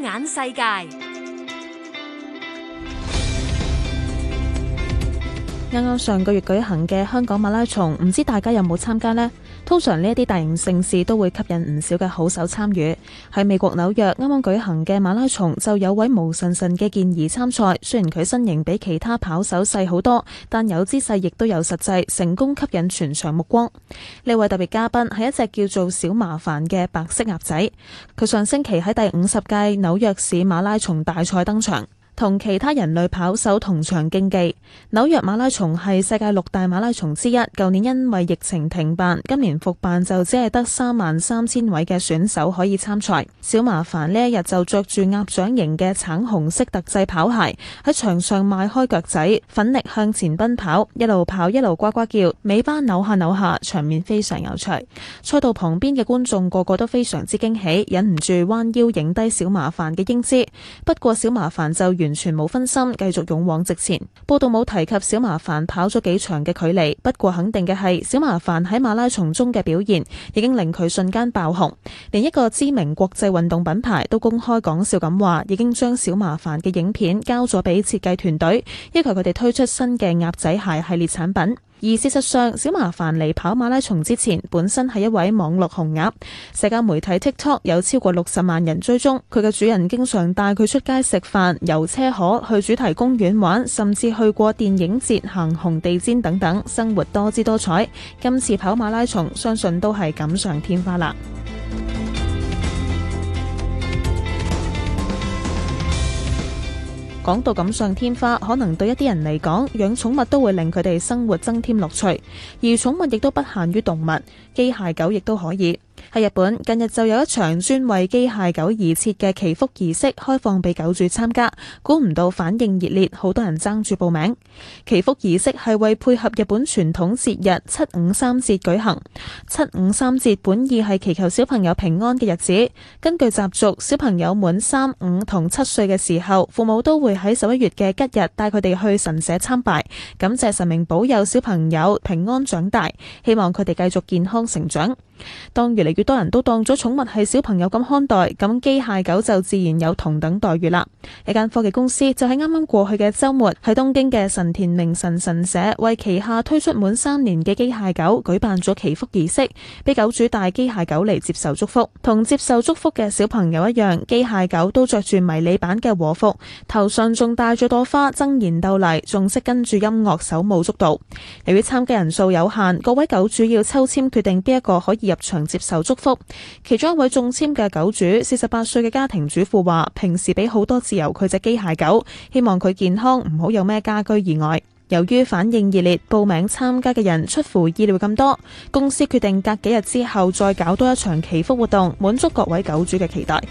眼世界，啱啱上個月舉行嘅香港馬拉松，唔知大家有冇參加呢？通常呢一啲大型盛事都會吸引唔少嘅好手參與。喺美國紐約啱啱舉行嘅馬拉松就有位毛神神嘅健兒參賽，雖然佢身形比其他跑手細好多，但有姿勢亦都有實際，成功吸引全場目光。呢位特別嘉賓係一隻叫做小麻煩嘅白色鴨仔，佢上星期喺第五十屆紐約市馬拉松大賽登場。同其他人類跑手同場競技，紐約馬拉松係世界六大馬拉松之一。舊年因為疫情停辦，今年復辦就只係得三萬三千位嘅選手可以參賽。小麻煩呢一日就着住鴨掌型嘅橙紅色特製跑鞋，喺場上邁開腳仔，奮力向前奔跑，一路跑一路呱呱叫，尾巴扭下扭下，場面非常有趣。賽道旁邊嘅觀眾個個都非常之驚喜，忍唔住彎腰影低小麻煩嘅英姿。不過小麻煩就完全冇分心，繼續勇往直前。報道冇提及小麻煩跑咗幾長嘅距離，不過肯定嘅係小麻煩喺馬拉松中嘅表現已經令佢瞬間爆紅，連一個知名國際運動品牌都公開講笑咁話，已經將小麻煩嘅影片交咗俾設計團隊，要求佢哋推出新嘅鴨仔鞋系列產品。而事實上，小麻煩嚟跑馬拉松之前，本身係一位網絡紅鴨，社交媒體 TikTok 有超過六十萬人追蹤。佢嘅主人經常帶佢出街食飯、遊車河、去主題公園玩，甚至去過電影節、行紅地氈等等，生活多姿多彩。今次跑馬拉松，相信都係錦上添花啦。講到錦上添花，可能對一啲人嚟講，養寵物都會令佢哋生活增添樂趣，而寵物亦都不限於動物，機械狗亦都可以。喺日本近日就有一場專為機械狗而設嘅祈福儀式，開放俾狗主參加，估唔到反應熱烈，好多人爭住報名。祈福儀式係為配合日本傳統節日七五三節舉行。七五三節本意係祈求小朋友平安嘅日子。根據習俗，小朋友滿三五同七歲嘅時候，父母都會喺十一月嘅吉日帶佢哋去神社參拜，感謝神明保佑小朋友平安長大，希望佢哋繼續健康成長。當月嚟。越多人都當咗寵物係小朋友咁看待，咁機械狗就自然有同等待遇啦。一間科技公司就喺啱啱過去嘅周末，喺東京嘅神田明神神社為旗下推出滿三年嘅機械狗舉辦咗祈福儀式，俾狗主帶機械狗嚟接受祝福，同接受祝福嘅小朋友一樣，機械狗都着住迷你版嘅和服，頭上仲戴咗朵花，爭妍鬥麗，仲識跟住音樂手舞足蹈。由於參加人數有限，各位狗主要抽簽決定邊一個可以入場接受。祝福！其中一位中簽嘅狗主，四十八歲嘅家庭主婦話，平時俾好多自由佢隻機械狗，希望佢健康，唔好有咩家居意外。由於反應熱烈，報名參加嘅人出乎意料咁多，公司決定隔幾日之後再搞多一場祈福活動，滿足各位狗主嘅期待。